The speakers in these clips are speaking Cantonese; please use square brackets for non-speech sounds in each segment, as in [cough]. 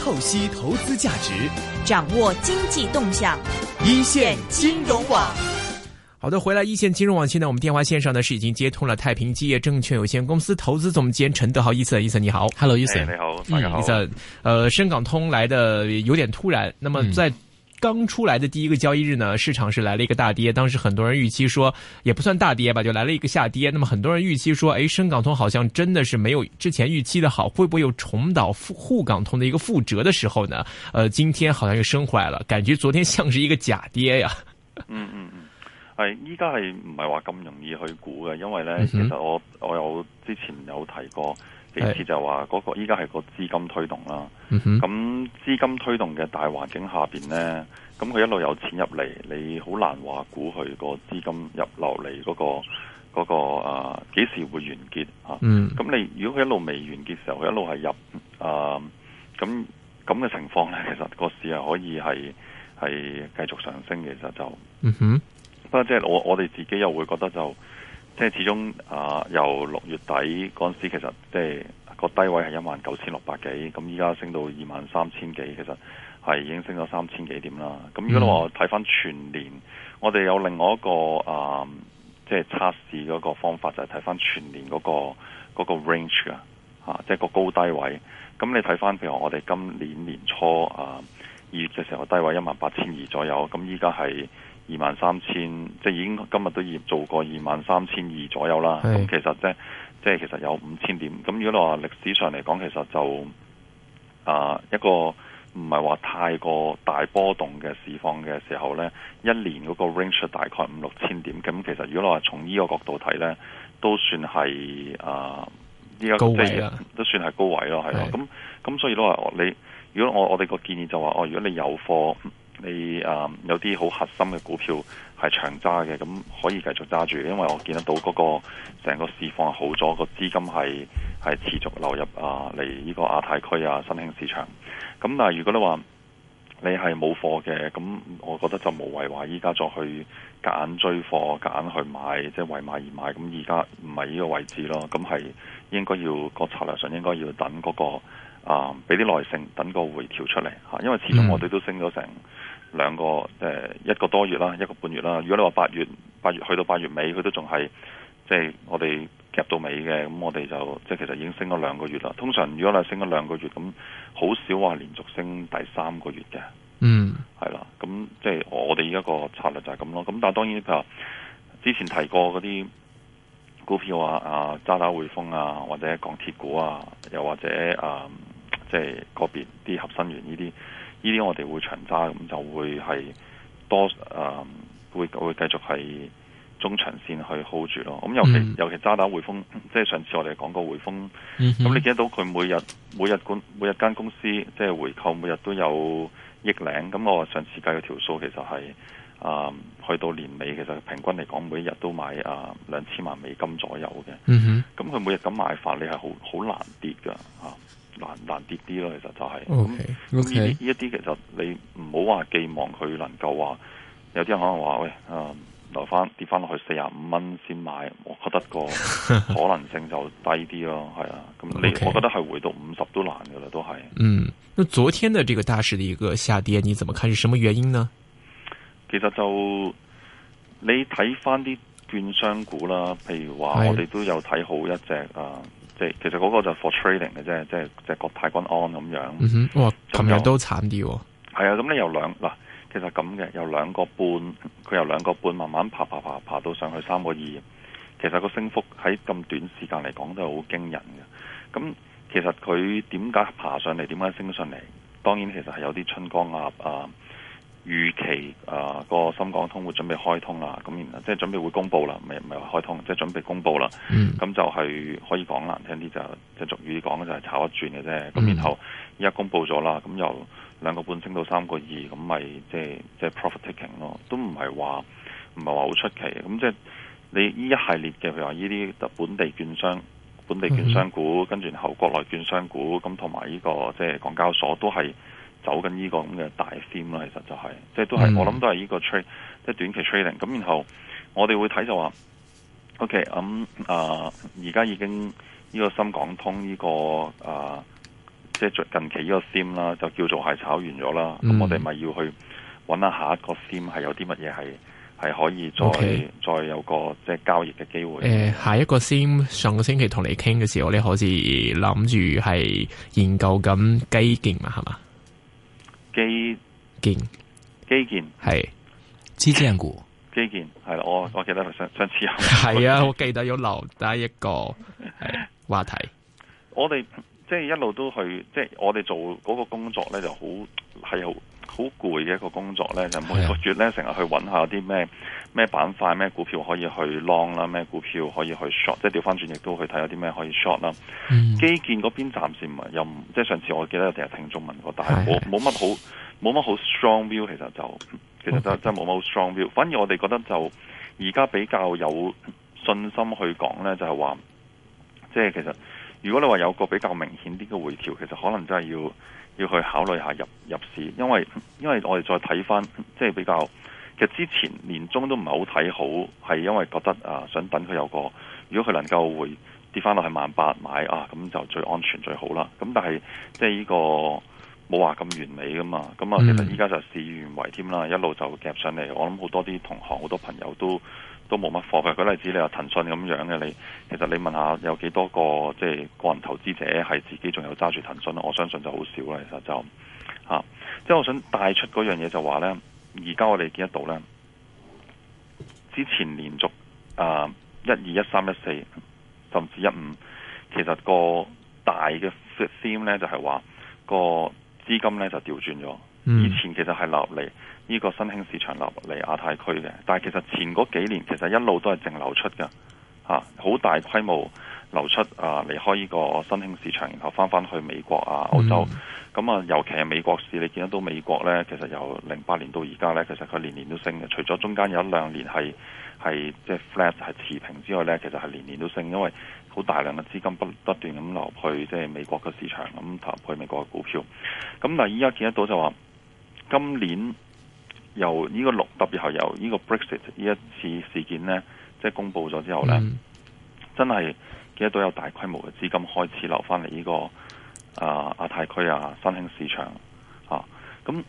透析投資價值，掌握經濟動向，一線金融網。好的，回來一線金融網。現在我們電話線上呢是已經接通了太平基業證券有限公司投資總監陳德豪，EthanEthan 你好，Hello Ethan 你好，歡迎 Ethan。嗯 Ethan, 呃，深港通來的有點突然，那麼在。嗯剛出來的第一個交易日呢，市場是來了一個大跌，當時很多人預期說也不算大跌吧，就來了一個下跌。那麼很多人預期說，哎，深港通好像真的是沒有之前預期的好，會不會又重蹈滬港通的一個覆轍的時候呢？呃，今天好像又升回來了，感覺昨天像是一個假跌呀嗯。嗯嗯嗯，哎，依家係唔係話咁容易去估嘅，因為呢，嗯、哼其實我我有之前有提過。幾次就話嗰個依家係個資金推動啦，咁資、嗯、哼金推動嘅大環境下邊呢，咁佢一路有錢入嚟，你好難話估佢個資金入流嚟嗰、嗰個嗰、嗰個啊幾時會完結咁、啊嗯、你如果佢一路未完結時候，佢一路係入啊，咁咁嘅情況呢，其實個市係可以係係繼續上升嘅。其實就，不過即係我我哋自己又會覺得就。即係始終啊、呃，由六月底嗰陣時其 19, 23,，其實即係個低位係一萬九千六百幾，咁依家升到二萬三千幾，其實係已經升咗三千幾點啦。咁如果你話睇翻全年，我哋有另外一個啊、呃，即係測試嗰個方法就係睇翻全年嗰、那個那個 range 啊，嚇，即係個高低位。咁你睇翻譬如我哋今年年初啊二、呃、月嘅時候低位一萬八千二左右，咁依家係。二萬三千，23, 000, 即係已經今日都已經做過二萬三千二左右啦。咁是其實即係即係其實有五千點。咁如果你話歷史上嚟講，其實就啊一個唔係話太過大波動嘅市況嘅時候呢，一年嗰個 range 大概五六千點。咁其實如果你話從呢個角度睇呢，都算係啊呢、呢個高位即係都算係高位咯，係咯是。咁咁是所以都話，你如果我我哋個建議就話，哦，如果你有貨。你誒、嗯、有啲好核心嘅股票係長揸嘅，咁可以繼續揸住，因為我見得到嗰、嗰個成個市況好咗，個資金係係持續流入啊嚟呢個亞太區啊、新興市場。咁但係如果你話你係冇貨嘅，咁我覺得就無謂話依家再去揀追貨、揀去買，即、就、係、係、為買而買。咁而家唔係呢個位置咯，咁係應該要個策略上應該要等嗰、嗰個。啊！俾啲耐性，等個回調出嚟，啊、因為始終我哋都升咗成兩個誒、mm. 一個多月啦，一個半月啦。如果你話八月八月去到八月尾，佢都仲係即係我哋夾到尾嘅，咁我哋就即係、就是、其實已經升咗兩個月啦。通常如果你升咗兩個月，咁好少話連續升第三個月嘅。嗯、mm.，係啦，咁即係我哋而家個策略就係咁咯。咁但係當然譬如話之前提過嗰啲股票啊啊渣打匯豐啊，或者鋼鐵股啊，又或者啊～即係個別啲合身員呢啲，呢啲我哋會長揸，咁就會係多誒，會、嗯、會繼續係中長線去 hold 住咯。咁尤其、mm hmm. 尤其渣打匯豐，即係上次我哋講過匯豐，咁、mm hmm. 你見到佢每日每日管每，每日間公司即係回購，每日都有億領。咁我上次計嘅條數其實係啊、嗯，去到年尾其實平均嚟講，每日都買啊兩千萬美金左右嘅。咁佢、mm hmm. 每日咁買法，你係好好難跌噶難難跌啲咯，其實就係、是、咁。咁呢呢一啲，其實你唔好話寄望佢能夠話，有啲人可能話喂，啊、呃，留翻跌翻落去四十五蚊先買，我覺得個可能性就低啲咯。係 [laughs] 啊，咁你 Okay. 我覺得係回到五十都難噶啦，都係。嗯，那昨天嘅這個大市的一個下跌，你怎麼看？是什麼原因呢？其實就你睇翻啲券商股啦，譬如話我哋都有睇好一隻 Hey. 啊。即其實嗰個就係 for trading 嘅啫，即係即係國泰君安咁樣、嗯。哇！琴日就都慘啲喎、哦。係啊，咁你有兩嗱，其實咁嘅有兩個半，佢由兩個半慢慢爬爬爬爬，爬到上去三個二，其實個升幅喺咁短時間嚟講都係好驚人嘅。咁其實佢點解爬上嚟？點解升上嚟？當然其實係有啲春光鴨啊。預期啊、呃、個深港通會準備開通啦，咁然後即係準備會公布啦，唔係唔係開通，即係準備公布啦。咁、嗯、就係可以講難聽啲就即係俗語講就係、是、炒一轉嘅啫。咁然後依家、嗯、公布咗啦，咁由兩個半升到三個二，咁咪即係即係 profit taking 咯，都唔係話唔係話好出奇咁即係你呢一系列嘅，譬如話呢啲本地券商、本地券商股，跟住、嗯、後國內券商股，咁同埋呢個即係、就是、港交所都係。走緊呢個咁嘅大 Sim 啦，其實就係、是、即係都係、mm. 我諗都係呢個 trade，即係短期 trading。咁然後我哋會睇就話，OK 咁、嗯、啊，而、呃、家已經呢個深港通呢、這個啊、呃，即係最近期呢個 Sim 啦，就叫做係炒完咗啦。咁、mm. 我哋咪要去搵下下一個 Sim 係有啲乜嘢係係可以再 Okay. 再有個即係交易嘅機會誒、呃。下一個 Sim 上個星期同你傾嘅時候，你好似諗住係研究緊基建嘛，係嘛？基建，基建係支持人股基建，係啦，我我記得上上次係啊，我記得要留低一個 [laughs] 話題。我哋即係一路都去，即係我哋做嗰個工作咧，就好係好。好攰嘅一個工作呢，就每個月呢，成日去揾下啲咩咩板塊、咩股票可以去 long 啦，咩股票可以去 short，即係調翻轉，亦都去睇下啲咩可以 short 啦。嗯、基建嗰邊暫時唔係又唔，即係上次我記得有哋係聽眾問過，但係冇冇乜好冇乜好 strong view，其實就其實就 Okay 真係冇乜好 strong view。反而我哋覺得就而家比較有信心去講呢，就係話，即係其實如果你話有個比較明顯啲嘅回調，其實可能真係要。要去考慮一下入入市，因為因為我哋再睇翻，即係比較其實之前年中都唔係好睇好，係因為覺得啊、呃，想等佢有個，如果佢能夠回跌翻落去萬八買啊，咁就最安全最好啦。咁但係即係呢、這個冇話咁完美噶嘛，咁啊其實依家就事與願違添啦，一路就夾上嚟。我諗好多啲同行，好多朋友都。都冇乜貨嘅。舉例子，你話騰訊咁樣嘅，你其實你問下有幾多個即係個人投資者係自己仲有揸住騰訊，我相信就好少啦。其實就、啊、即係我想帶出嗰樣嘢就話呢，而家我哋見得到呢，之前連續啊一二一三一四甚至一五，其實個大嘅 theme 呢就係話個資金呢就調轉咗。以前其實係立嚟呢個新興市場立嚟亞太區嘅，但係其實前嗰幾年其實一路都係淨流出㗎，嚇、啊、好大規模流出啊離開呢個新興市場，然後翻翻去美國啊歐、嗯、洲，咁、嗯、啊尤其係美國市，你見得到美國呢，其實由零八年到而家呢，其實佢年年都升嘅，除咗中間有一兩年係係即係、就是、flat 係持平之外呢，其實係年年都升，因為好大量嘅資金不不斷咁流去即係、就是、美國嘅市場，咁、嗯、投入去美國嘅股票。咁、嗯、但係依家見得到就話。今年由呢、這個六特別係由呢個 Brexit 呢一次事件咧，即係公布咗之後咧，嗯、真係而家都有大規模嘅資金開始流返嚟呢個啊亞、啊、太區啊，新興市場啊，咁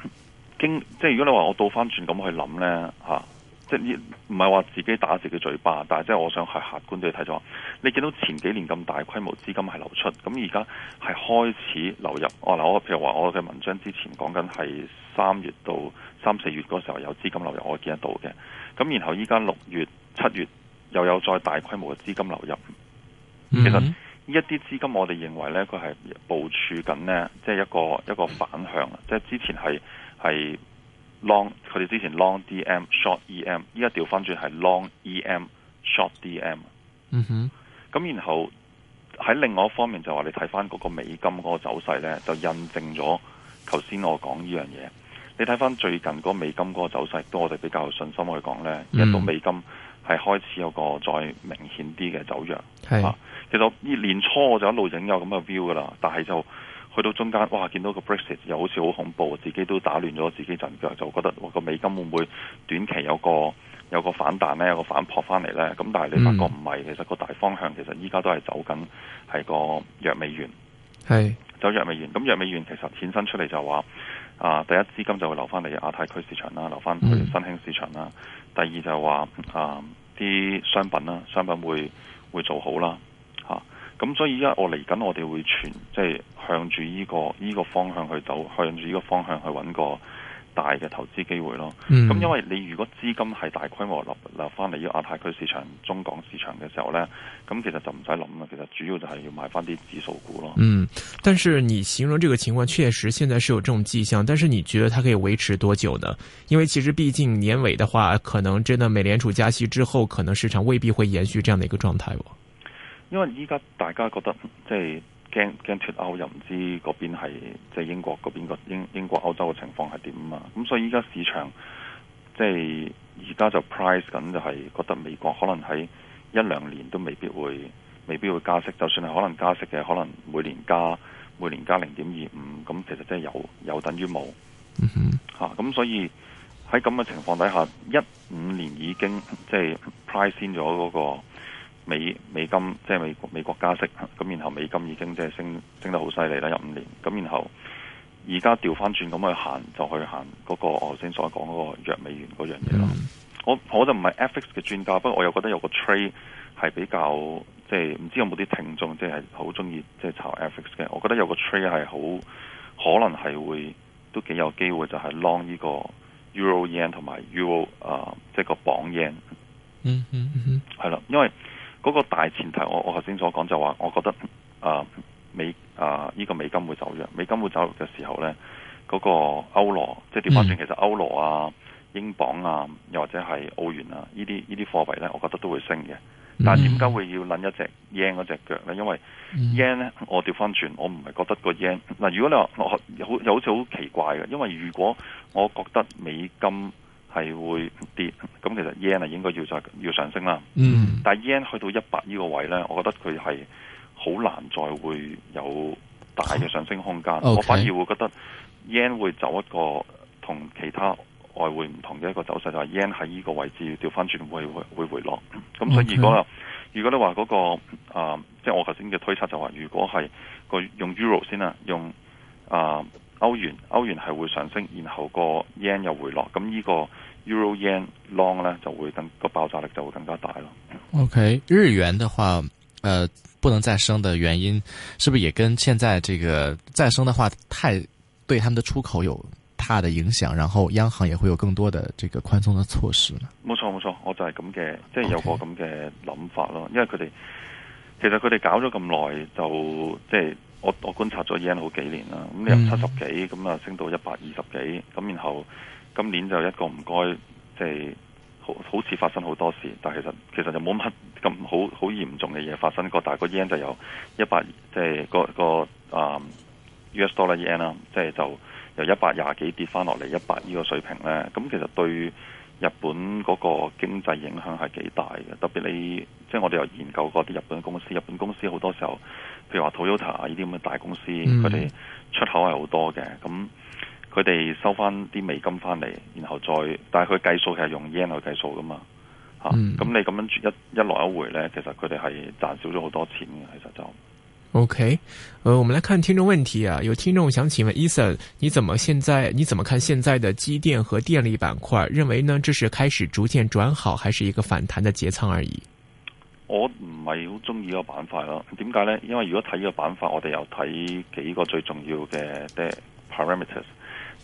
經即係如果你話我倒翻轉咁去諗咧吓。啊即係唔係話自己打自己嘴巴，但係即係我想係客觀地睇咗，你見到前幾年咁大規模資金係流出，咁而家係開始流入。我、哦、嗱，我譬如話我嘅文章之前講緊係三月到三四月嗰時候有資金流入，我見得到嘅。咁然後依家六月、七月又有再大規模嘅資金流入。Mm-hmm. 其實呢一啲資金，我哋認為呢，佢係部署緊呢，即係一個一個反向，即係之前係係。long 佢哋之前 long D M short E M，依家調翻轉係 long E M short D M。嗯哼，咁然後喺另外一方面就話你睇翻嗰個美金嗰個走勢咧，就印證咗頭先我講呢樣嘢。你睇翻最近嗰美金嗰個走勢，都我哋比較有信心去講咧，一到美金係開始有一個再明顯啲嘅走弱。係是、啊，其實年初我就一路影有咁嘅 view 噶啦，但係就。去到中間，哇！見到個 Brexit 又好似好恐怖，自己都打亂咗自己陣腳，就覺得個美金會唔會短期有個有個反彈呢？有個反撲翻嚟呢？咁但係你發覺唔係，嗯、其實個大方向其實依家都係走緊係個弱美元，係是走弱美元。咁弱美元其實衍生出嚟就話啊，第一資金就會流翻嚟亞太區市場啦，流翻去新興市場啦。嗯、第二就話啊，啲商品啦，商品會會做好啦，嚇咁、嗯、所以依家我嚟緊，我哋會全，即係向住依個依個方向去走，向住依個方向去搵個大嘅投資機會咯。咁、嗯、因為你如果資金係大規模流流翻嚟呢亞太區市場、中港市場嘅時候咧，咁其實就唔使諗啦。其實主要就係要買翻啲指數股咯。嗯，但是你形容這個情況，確實現在是有這種跡象，但是你覺得它可以維持多久呢？因為其實畢竟年尾的話，可能真的美聯儲加息之後，可能市場未必會延續這樣的一個狀態哦。因為依家大家覺得即係驚驚脫歐，又唔知嗰邊係即係英國嗰邊個英英國歐洲嘅情況係點啊嘛？咁所以依家市場即係而家就 price、是、緊就係、就是、覺得美國可能喺一兩年都未必會未必會加息，就算係可能加息嘅，可能每年加每年加零點二五，咁其實即係有有等於冇，嚇咁、嗯哼啊、所以喺咁嘅情況底下，一五年已經即係、就是、price 先咗嗰、那個。美美金即係美美國加息，咁然後美金已經即係升升得好犀利啦，有五年，咁然後而家調翻轉咁去行就去行嗰、那個我頭先所講嗰、那個弱美元嗰樣嘢咯、mm hmm.。我我就唔係 FX 嘅專家，不過我又覺得有個 trade 係比較即係唔知有冇啲聽眾即係好中意即係炒 FX 嘅。我覺得有個 trade 係好可能係會都幾有機會就係 long 呢個 Euro Yen 同埋 Euro 啊、呃，即係個磅、bon、yen。嗯嗯嗯，係、hmm. 啦，因為。嗰個大前提，我我頭先所講就話，我覺得啊美啊依個美金會走弱，美金會走弱嘅時候咧，嗰個歐羅即係調翻轉，其實歐羅啊、英鎊啊，又或者係澳元啊，呢啲依啲貨幣咧，我覺得都會升嘅。嗯、但係點解會要擸一隻 yen 嗰隻腳咧？因為 yen 咧、嗯，我調翻轉，我唔係覺得個 yen 嗱。如果你話有有好似好奇怪嘅，因為如果我覺得美金係會跌，咁其實 yen 啊應該要再要上升啦。嗯，但係 yen 去到一百呢個位咧，我覺得佢係好難再會有大嘅上升空間。啊、okay，我反而會覺得 yen 會走一個同其他外匯唔同嘅一個走勢，就係、是、yen 喺呢個位置調翻轉會會，會回落。咁所以如果啦 okay、那個呃，如果你話嗰個啊，即係我頭先嘅推測就話，如果係個用 Euro 先啦用啊。用呃歐元歐元係會上升，然後個 yen 又回落，咁呢個 Euro Yen Long 咧就會更個爆炸力就會更加大咯。OK，日元的話，呃，不能再升的原因，是不是也跟現在這個再升的話太對他們的出口有大的影響，然後央行也會有更多的這個寬鬆的措施呢？冇錯冇錯，我就係咁嘅，即係有個咁嘅諗法咯。Okay. 因為佢哋其實佢哋搞咗咁耐，就即係。我我觀察咗 yen 好幾年啦，咁由七十幾咁啊升到一百二十幾，咁然後今年就一個唔該，即、就、係、是、好好似發生好多事，但其實其實就冇乜咁好好嚴重嘅嘢發生過，但係個 yen 就有一百、就是，即係個個啊 US dollar yen 啦，即係就，就由一百廿幾跌翻落嚟一百呢個水平咧，咁其實對。日本嗰個經濟影響係幾大嘅，特別你即係我哋又研究過啲日本公司，日本公司好多時候，譬如話 Toyota 呢啲咁嘅大公司，佢哋、嗯、出口係好多嘅，咁佢哋收翻啲美金翻嚟，然後再，但係佢計數係用 yen 去計數噶嘛，嚇、嗯，咁、啊、你咁樣一一來一回呢，其實佢哋係賺少咗好多錢嘅，其實就。OK，呃，我們來看聽眾問題啊，有聽眾想請問 Ethan，你怎麼現在？你怎麼看現在的機電和電力板塊？認為呢，這是開始逐漸轉好，還是一個反彈的節倉而已？我唔係好中意個板塊咯，點解呢？因為如果睇個板塊，我哋又睇幾個最重要嘅 parameters。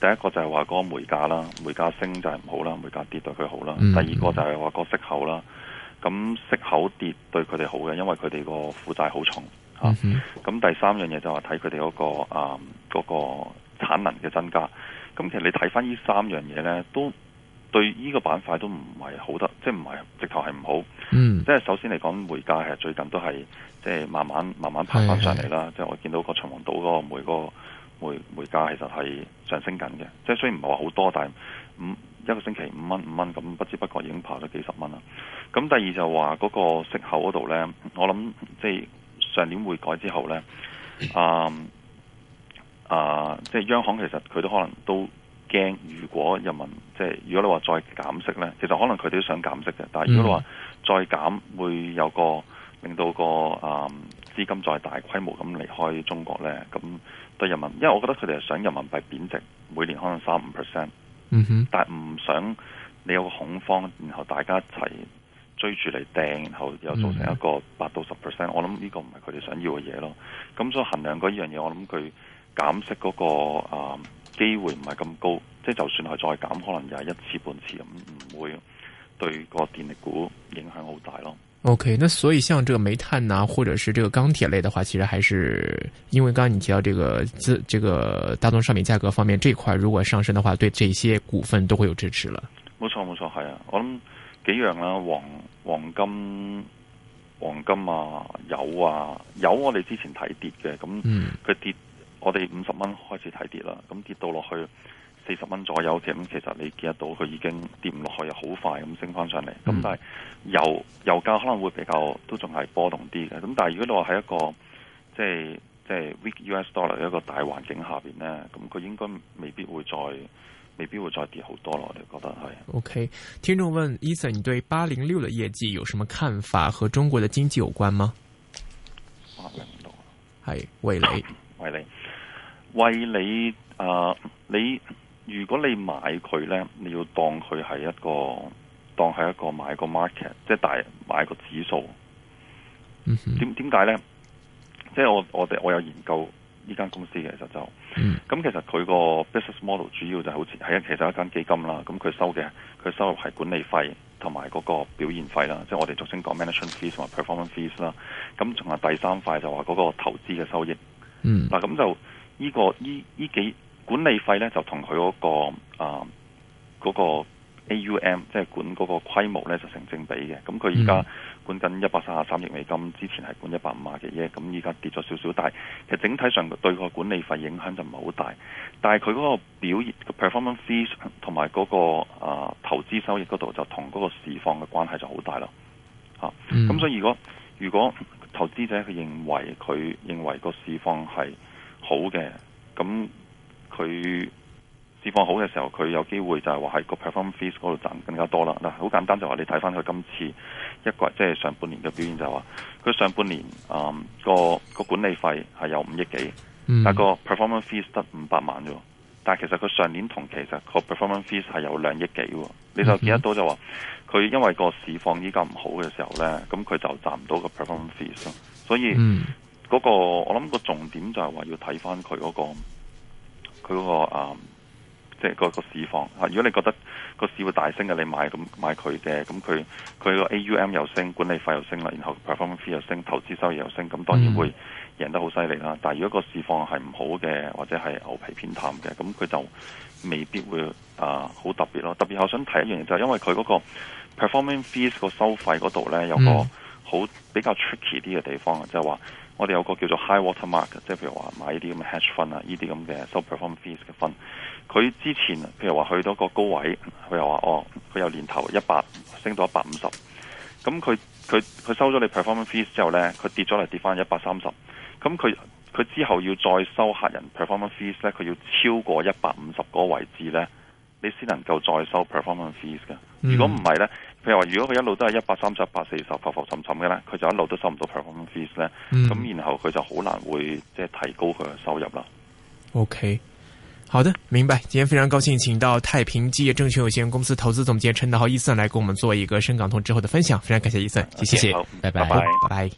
第一個就係話嗰個煤價啦，煤價升就係唔好啦，煤價跌對佢好啦。第二個就係話個息口啦，咁、嗯、息口跌對佢哋好嘅，因為佢哋個負債好重。啊！咁第三樣嘢就係睇佢哋嗰個啊嗰個產能嘅增加。咁其實你睇翻呢三樣嘢咧，都對呢個板塊都唔係好得，即係唔係直頭係唔好。嗯，即係首先嚟講，煤價係最近都係即係慢慢慢慢爬翻上嚟啦。是是即係我見到個秦皇島嗰個煤個煤煤，煤價其實係上升緊嘅。即係雖然唔係話好多，但係五一個星期五蚊五蚊咁，不知不覺已經爬咗幾十蚊啦。咁第二就話嗰個息口嗰度咧，我諗即係。上年匯改之後呢，啊啊，即係央行其實佢都可能都驚，如果人民即係如果你話再減息呢，其實可能佢哋都想減息嘅。但係如果你話再減，會有個令到個啊資金再大規模咁離開中國呢。咁對人民，因為我覺得佢哋係想人民幣貶值，每年可能三五 percent，嗯哼，但係唔想你有個恐慌，然後大家一齊，追住嚟掟，然後又造成一個八到十 percent，我諗呢個唔係佢哋想要嘅嘢咯。咁所以衡量嗰樣嘢，我諗佢減息嗰個啊機會唔係咁高，即係就算係再減，可能又係一次半次咁，唔會對個電力股影響好大咯。OK，那所以像這個煤炭啊，或者是這個鋼鐵類的話，其實還是因為剛剛你提到這個資，這個大宗商品價格方面這塊如果上升的話，對這些股份都會有支持啦。冇錯，冇錯，係啊，我諗。幾樣啦，黃黃金、黃金啊、油啊、油，我哋之前睇跌嘅，咁佢跌，我哋五十蚊開始睇跌啦，咁跌到落去四十蚊左右嘅，咁其實你見得到佢已經跌唔落去，又好快咁升翻上嚟。咁但係油油價可能會比較都仲係波動啲嘅。咁但係如果你話喺一個即係即係 weak U S dollar 一個大環境下面咧，咁佢應該未必會再。未必會再跌好多咯，我哋覺得係。O、okay. K，聽眾問，Ethan，你對八零六嘅業績有什麼看法？和中國嘅經濟有關嗎？八零六係為你，為你，為、呃、你。啊，你如果你買佢咧，你要當佢係一個，當係一個買個 market，即係大買個指數。嗯哼。點點解咧？即係我我哋我有研究。呢間公司嘅就就，咁其實佢個 business model 主要就好似係啊，其實一間基金啦，咁佢收嘅佢收入係管理費同埋嗰個表現費啦，即係我哋俗稱講 management fees 同埋 performance fees 啦。咁仲有第三塊就話嗰個投資嘅收益。嗱咁、嗯啊、就呢、呢個呢呢幾管理費咧，就同佢嗰個啊嗰個。呃那個 AUM 即係管嗰個規模咧就成正比嘅，咁佢依家管緊一百三十三億美金，之前係管一百五啊幾億，咁依家跌咗少少，但係其實整體上對個管理費影響就唔係好大，但係佢嗰個表現 performance fee 同埋嗰、嗰個啊投資收益嗰度就同嗰個市況嘅關係就好大喇。咁、mm. 啊、所以如果如果投資者佢認為佢認為個市況係好嘅，咁佢。市況好嘅時候，佢有機會就係話喺個 performance fee 嗰度賺更加多啦。嗱，好簡單就話你睇翻佢今次一個即係上半年嘅表現就話，佢上半年啊、嗯、個個管理費係有五億幾，但個 performance fee 得五百萬啫。但其實佢上年同期其實個 performance fee 係有兩億幾，你就記得到就話佢、嗯、因為個市況依家唔好嘅時候咧，咁佢就賺唔到個 performance fee 咯。所以嗰、嗯那個我諗個重點就係話要睇翻佢嗰個佢嗰、那個、啊。即係個個市況如果你覺得個市會大升嘅，你買咁買佢嘅，咁佢佢個 AUM 又升，管理費又升啦，然後 performance fees 又升，投資收益又升，咁當然會贏得好犀利啦。但如果個市況係唔好嘅，或者係牛皮偏淡嘅，咁佢就未必會啊好、呃、特別咯。特別我想睇嘢，就係因為佢嗰個 performance fees 個收費嗰度咧有個好比較 tricky 啲嘅地方啊，即係話我哋有個叫做 high water mark，即係譬如話買呢啲咁嘅 hatch 分啊，呢啲咁嘅收 performance fees 嘅分。佢之前，譬如話去到個高位，佢又話哦，佢有年頭一百，升到一百五十。咁佢佢佢收咗你 performance fees 之後呢，佢跌咗嚟跌翻一百三十。咁佢佢之後要再收客人 performance fees 咧，佢要超過一百五十個位置呢，你先能夠再收 performance fees 噶。如果唔係呢，譬如話如果佢一路都係一百三十、一百四十浮浮沉沉嘅呢，佢就一路都收唔到 performance fees 咧。咁、嗯、然後佢就好難會即係提高佢嘅收入啦。OK。好的，明白。今天非常高興，請到太平基業證券有限公司投資總監陳德豪 Ethan 來給我們做一個深港通之後的分享。非常感謝 Ethan，謝謝，okay, 好拜拜，拜拜。拜拜。